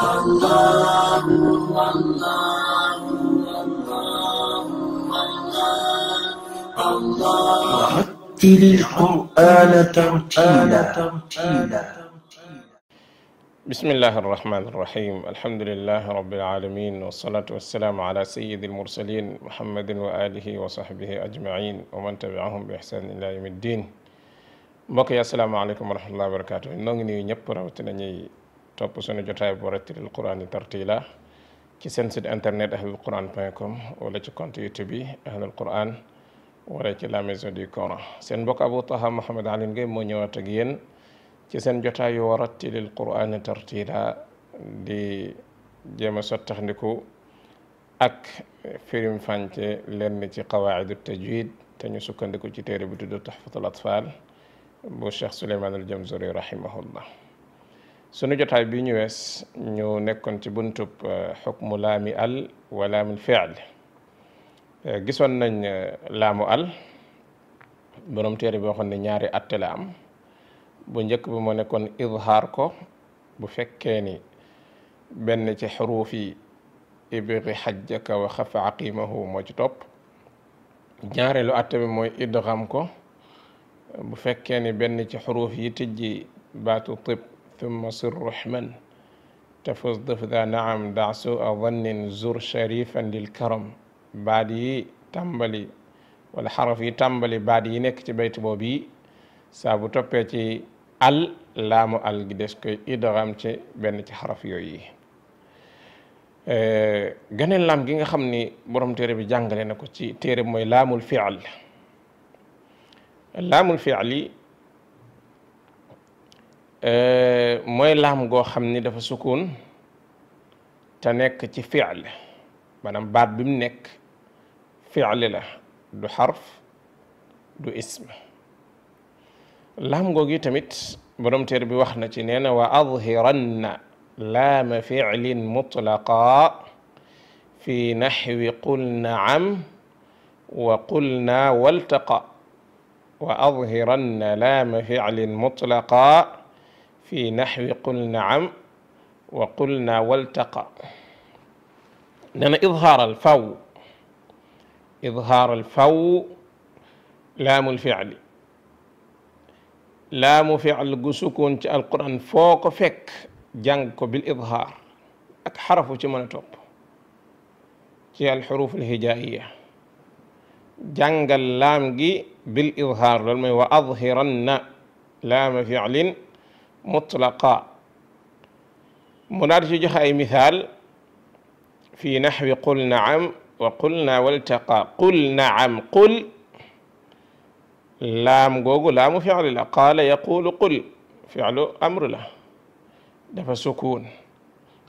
رتل القرآن ترتيلا بسم الله الرحمن الرحيم الحمد لله رب العالمين والصلاة والسلام على سيد المرسلين محمد وآله وصحبه أجمعين ومن تبعهم بإحسان إلى يوم الدين mbokk السلام عليكم ورحمة الله وبركاته barakaatu noo ngi top suñu jotaay bu rattilil quran tartila ci sen site internet ahlulquran.com wala ci compte youtube ahlulquran wala ci la maison du coran sen mbokk abou taha mohammed ali ngay mo ñewat ak yéen ci seen jotaay yu rattilil quran tartila di jema a sottaxndiku ak firim fanté lenn ci qawaid at tajwid te ñu sukkandiku ci téré bu tuddu tahfatul atfal bu cheikh souleyman al jamzuri rahimahullah sunu jotaay bi ñu wees ñu nekkoon ci buntub xukmu laami al wa laamul fiil gisoon nañ laamu al borom téere bi waxoon ne ñaari atte la am bu njëkk bi moo nekkoon izhaar ko bu fekkee ni benn ci xuruuf yi ibri xajjaka wa xafa aqimahu moo ci topp ñaareelu atte bi mooy idgham ko bu fekkee ni benn ci xuruuf yi tijji baatu tib ثم صر رحما تفز ضفدا نعم دع سوء ظن زر شريفا للكرم بعد يي تمبلي wala xaraf yi tàmbali baat yi nekk ci baytu boobu yi saa bu toppee ci al laamu al gi koy idgham ci benn ci xaraf yooyu yi geneen laam gi nga xam ni borom téere bi jàngale na ko ci téere mooy laamul fi'l laamul fi'l moy lam go xamni dafa sukun ta nek ci fi'l manam bat bim nek fi'l la du harf du ism lam go gi tamit borom ter bi waxna ci nee wa adhiranna lam fi'l mutlaqa fi naxwi qul naam wa qul naa waltaqa wa adhiranna laama fiilin mutlaqa في نحو قل نعم وقلنا والتقى لأن إظهار الفو إظهار الفو لام الفعل لام فعل قسكون القرآن فوق فك جنك بالإظهار أكحرف تمنى توب تي الحروف الهجائية جنك اللام بالإظهار وأظهرن لام فعل mutlaqa mu daal ci joxe ay misaal fi naxwi qul naam wa qulna waltaqa qul naam qul laam googu laamu ficli la qaala yaqulu qul ficlu amru la dafa sukuun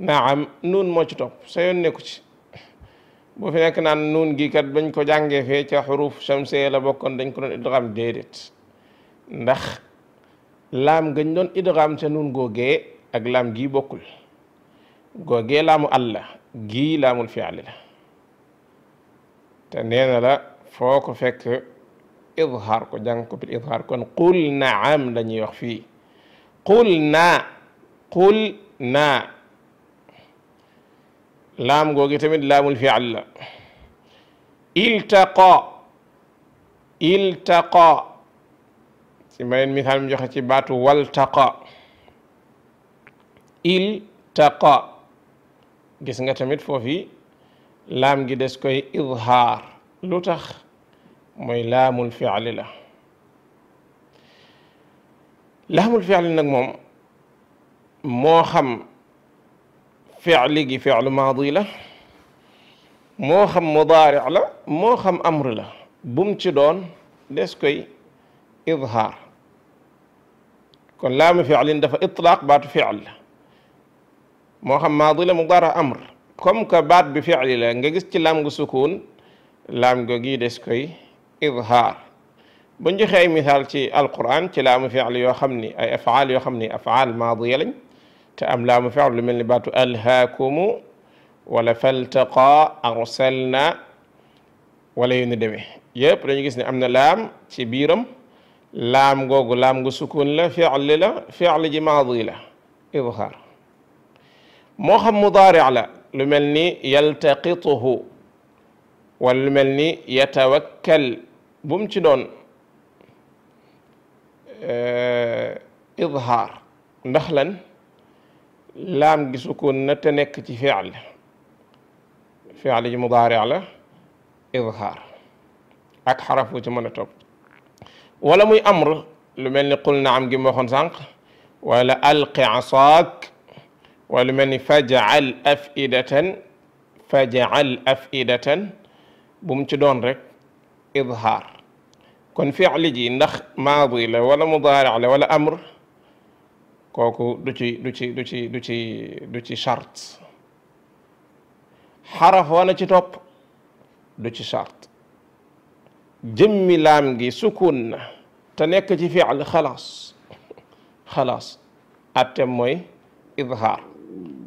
naam nuun moo ci topp sa yoon nekku ci bu fi nekk naan nuun gi kat bañ ko jàngee fee ca xuruf shamsiyya la bokkoon dañ ko doon idgham déedéet ndax laam gañ doon idgaam ca nun googee ak laam gii bokkul googee laamu àlla gii laamul fi'li la te nee la foo ko fekk idhaar ko jàng ko bil idhaar kon qul naam la ñuy wax fii qul naa qul naa laam googi tamit laamul fi'l la iltaqa si beneen misaal mi joxe ci baatu waltaqa il taqa gis nga tamit foofi laam gi des koy izhaar lu tax mooy laamul fi'li la laamul fi'li nag moom moo xam fi'li gi fi'lu maadi la moo xam la moo xam amr la bum ci doon des koy izhaar kon laamu fi'lin dafa itlaaq baatu fi'l moo xam maadi la a amr comme que baat bi fi'li la nga gis ci laam gu sukuun laam go gii des koy izhaar bu ñu joxee ay misaal ci alquran ci laamu fi'l yoo xam ni ay afaal yoo xam ni afaal maadiya lañ te am laamu fi'l lu mel ni baatu alhaakumu wala faltaqa arsalna wala yu ni demee dañu gis ne am na laam ci biiram laam googu laam gu sukun la fi'li la fi'li ji maadi la idhaar moo xam mudaari la lu mel ni yaltaqituhu wala lu mel ni yatawakkal bu mu ci doon euh, idhaar ndax lan laam gi sukun na te nekk ci fi'l fi'l ji mudaari la idhaar ak xaraf wu ci mën a topp ولا موي امر لو ملني قل نعم جي مخون سانك ولا القي عصاك ولا ملني فجعل افئده فجعل افئده بوم تي دون رك اظهار كون فعل جي نخ ماضي لا ولا مضارع لا ولا امر كوكو دوتي دوتي دوتي دوتي دوتي شرط حرف وانا تي توب دوتي شرط jëmmi laam gi sukun na te nekk ci fiil xalaas xalaas attem mooy idhaar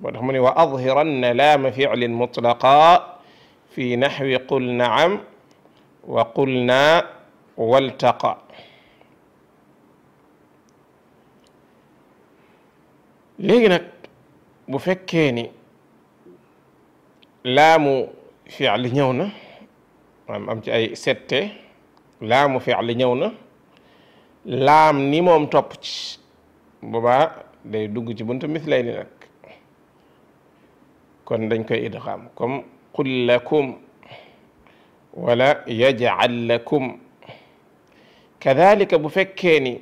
moo tax mu ne wa adhiranna laama fiilin mutlaqa fi naxwi qul naam wa qul naa waltaqa léegi nag bu fekkee ni laamu fiil ñëw na am ci ay sette laamu fi'li ñëw na laam ni moom topp ci boobaa day dugg ci buntu mislay ni nag kon dañ koy idgham comme qul lakum wala yaj'al lakum kadhalika bu fekkee ni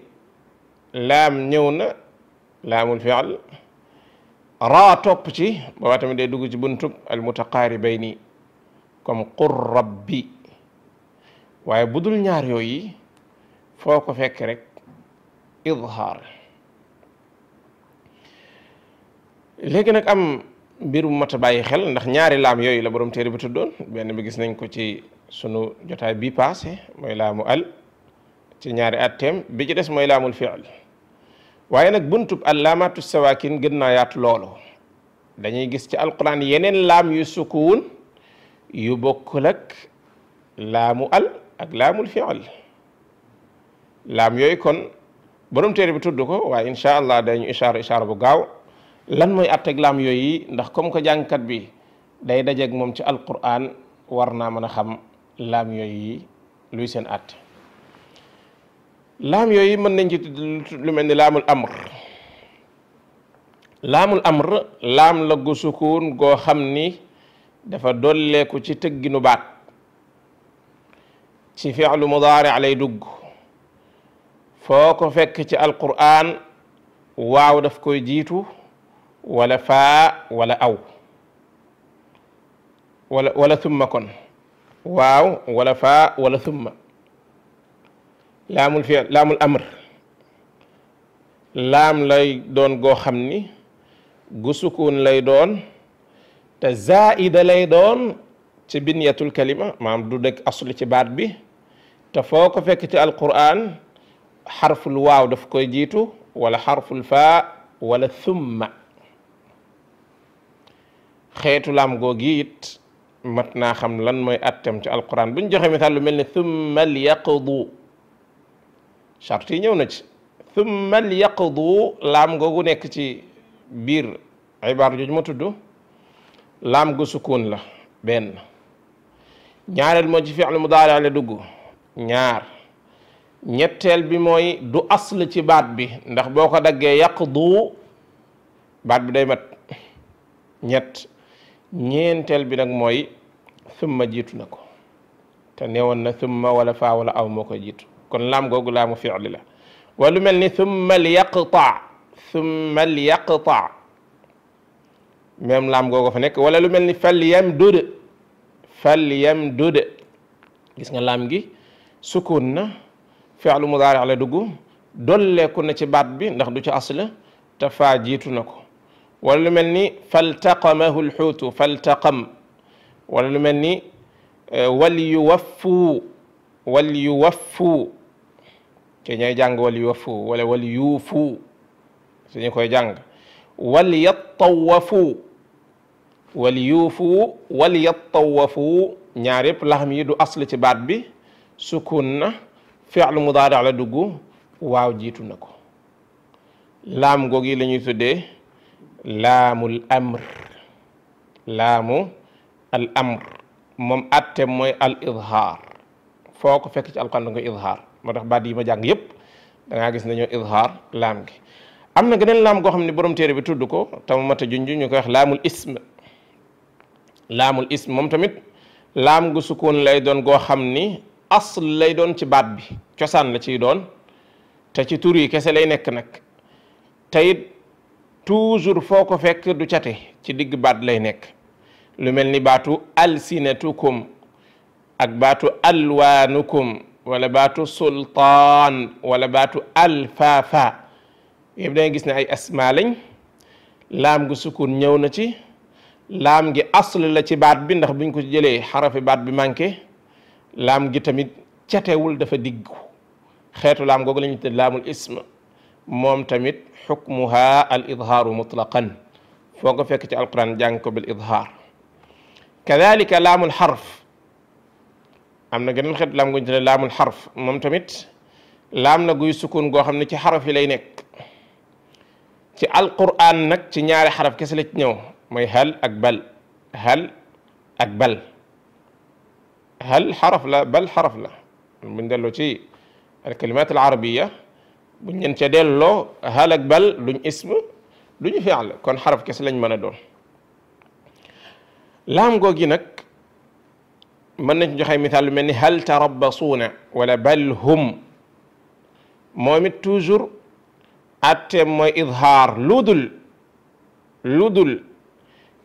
laam ñëw na laamul fi'l raa topp ci boobaa tamit day dugg ci buntu al mutaqaaribayni comme qur rabbi waaye bu dul ñaar yooyu foo ko fekk rek idhaar léegi nag am mbir mu bàyyi xel ndax ñaari laam yooyu la borom téere bi tuddoon benn bi gis nañ ko ci sunu jotaay bi paase mooy laamu al ci ñaari atteem bi ci des mooy laamul fiil waaye nag buntub al laamaatu sawaakin gën naa yaatu loolu dañuy gis ci alquran yeneen laam yu sukuun yu bokkul ak laamu al ak laamul fi'l yooyu kon borom téere bi tudd ko waaye incha allah dañu ishaara ishaara bu gaaw lan mooy atteg laam yooyu ndax comme que jàngkat bi day dajeeg moom ci alquran war naa mën a xam laam yooyu luy seen att laam yooyu mën nañ ci lu mel ni laamul amr laamul amr laam la gu goo xam ni dafa dolleeku ci tëgginu baat ci fi'lu mudaari lay dugg foo ko fekk ci alqur'an waaw daf koy jiitu wala faa wala aw wala wala summa kon waaw wala faa wala summa laamul fiil laam lay doon goo xam ni gu sukuun lay doon te zaida lay doon ci binyatul kalima maam du dëkk asli ci baat bi te foo ko fekk ci alquran xarful waaw daf koy jiitu wala xarful faa wala thumma xeetu laam googi it mat naa xam lan mooy attem ci alquran buñ joxe misaal lu mel ne thumma lyaqdu charte yi ñëw na ci thumma lyaqdu laam googu nekk ci biir ibaar jooju ma tudd laam gu sukuun la benn ñaareel moo ci fi'lu mudaari la dugg ñaar ñetteel bi mooy du asl ci baat bi ndax boo ko daggee yaqdu baat bi day mat ñett ñeenteel bi nag mooy summa jiitu na ko te newoon na summa wala faa wala aw moo koy jiitu kon laam googu laamu fi'li la wala lu mel ni summa liyaqta summa liyaqta même laam googu nekk wala lu mel ni fal yamdud fal gis nga laam gi sukun na fi'lu mudaari' la dugg dolleeku na ci baat bi ndax du ci asla te faa jiitu na ko wala lu mel ni faltaqamahu lxuutu faltaqam wala lu mel ni e, wal yu waffuu wal yu waffuu te ñooy jàng wal yu waffuu wala wal yuufuu koy jàng wal yattawafuu wal yuufuu wal yattawafuu ñaar yëpp laxam yi du asl ci baat bi sukun na fi'lu mudaari la dugg waaw jiitu na ko laam googu yi la ñuy tuddee amr laamu al amr moom atte mooy al izhaar fekk ci alquran da nga koy izhaar moo tax baat yi ma jàng yépp da gis ne ñoo izhaar laam gi am na geneen laam goo xam ne borom téere bi tudd ko tam mata junj ñu koy wax ism laamul ism moom tamit laam gu sukkoon lay doon goo xam ni asl lay doon ci baat bi cosaan la ciy doon te ci tur yi kese lay nekk nag te it toujours foo ko fekk du cate ci digg baat lay nekk lu mel ni baatu alsinatukum ak baatu alwanukum wala baatu sultan wala baatu alfafa yëpp da gis ne ay asma lañ laam gi sukun ñëw na ci laam gi asl la ci baat bi ndax buñ ko jëlee xarafi baat bi manqué laam gi tamit catewul dafa diggu xeetu laam googu la moom tamit xukmuha al idhaaru mutlaqan fekk ci alquran jàng ko bil idhaar am na geneen xeetu laam gu ñu tudd moom tamit laam na guy sukun goo xam ne ci xaraf yi lay nekk ci alquran nag ci ñaari xaraf kese la ci ñëw mooy hal ak bal hal ak bal هل حرف لا بل حرف لا من دلو الكلمات العربية من ينتدل له هل بل لن اسم لن فعل كون حرف كسلن من دون لام جينك من نجحي مثال من هل تربصون ولا بل هم مومت توجور أتم ما إظهار لودل لودل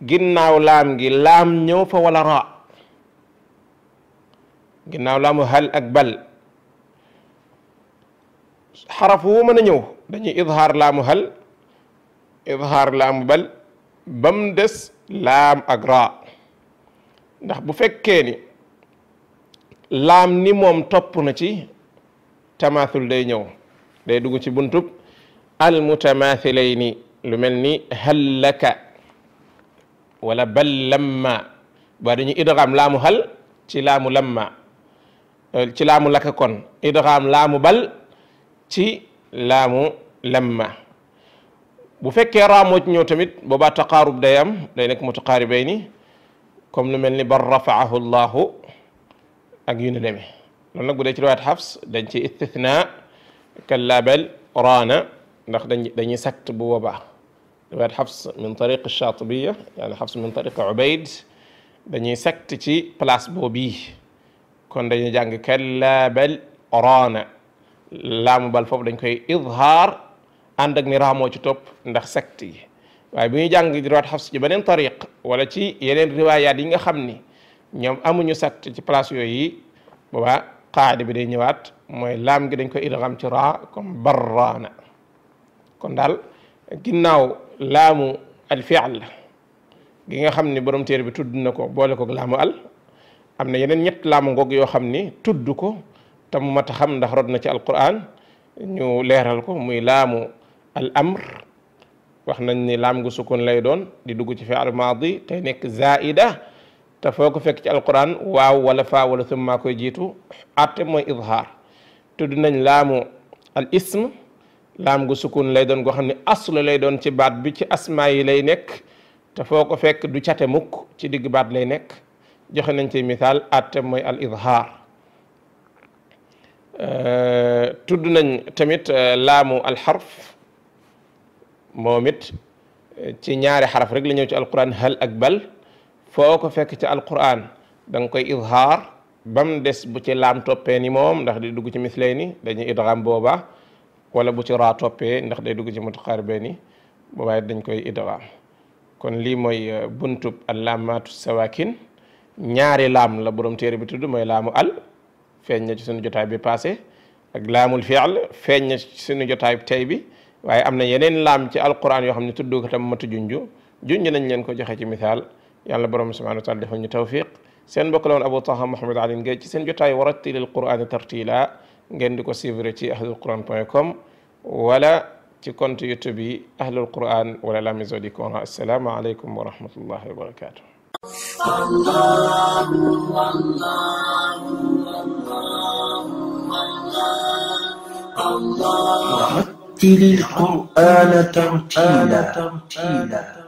جنا ولام جي لام نوفا ولا راء ginnaaw laamu hal ak bal xaraf wu mën a ñëw dañuy idhaar laamu hal idhaar laamu bal bam des laam ak ra ndax bu fekkee ni laam ni moom topp na ci tamaathul day ñëw day dugg ci buntub al mutamaathilayni lu mel ni hallaka wala bal lamma ba dañuy idgham laamu hal ci laamu lamma ci laamu lakk kon idgham laamu bal ci laamu lamma bu fekkee raa ci ñëw tamit boobaa taqaarub day am day nekk mutaqaaribay ni comme lu mel ni bar rafaahu llahu ak yu ne deme loolu nag bu dee ci riwaayat xafs dañ ci istithna kallaa bal raana ndax dañ dañuy sakt bu boobaa riwaayat xafs min tariq shaatibiya yaani xafs min tariq ubayd dañuy sakt ci place boobii كون داني جانغ كلا بل رانا لام بال فوب دنج كاي اظهار اندك ني رامو تي توب ندخ سكتي واي بي جانغ روات حفص جي بنين طريق ولا تي يلين روايات ييغا خامني نيوم امو ني سكت تي بلاص يوي بابا قاعده بي دي نيوات موي لام غي دنج كاي ادغام تي را كوم برانا كون دال غيناو لامو الفعل gi nga xamni borom téré bi tudd na am na yeneen ñett laamu ngoog yoo xam ni tudd ko te mu mat xam ndax rod na ci alquran ñu leeral ko muy laamu al wax nañ ni laam gu sukkoon lay doon di dugg ci fi'l maadi tey nekk zaida te foo ko fekk ci alquran waaw wala faa wala summa jiitu atte mooy izhaar tudd nañ laamu al ism laam gu lay doon goo xam ne aslu lay doon ci baat bi ci asmaa yi lay nekk te foo fekk du cate mukk ci digg baat lay nekk joxe nañ ci misal atte moy al izhar tuddu nañ tamit lamu al harf momit ci ñaari harf rek la ñëw ci al qur'an hal ak bal foo ko ci al qur'an dang koy izhar bam dess bu ci lam topé ni mom ndax di dugg ci mislay ni dañuy idgham boba wala bu ci ra topé ndax day dugg ci mutaqaaribee ni boobaay dañ koy idgham kon li moy buntu al lamatu sawakin ñaari lam la borom téré bi tuddu moy lamu al feñ na ci suñu jotay bi passé ak lamul fi'l feñ na ci suñu jotaay tay bi waye amna yenen lam ci alquran yo xamni tuddu ko tam matu junju junju nañ leen ko joxe ci misal yàlla borom subhanahu wa taala defal ñu tawfiq seen bokk lawon Abou Taha mohammed Ali ngey ci seen jotay warattilil qur'ana tartila ngeen diko suivre ci ahlulquran.com wala ci compte youtube yi ahlulquran wala la maison du coran assalaamu aleykum wa rahmatullahi wa barakatuh الله الله الله الله رتل القرآن ترتيلا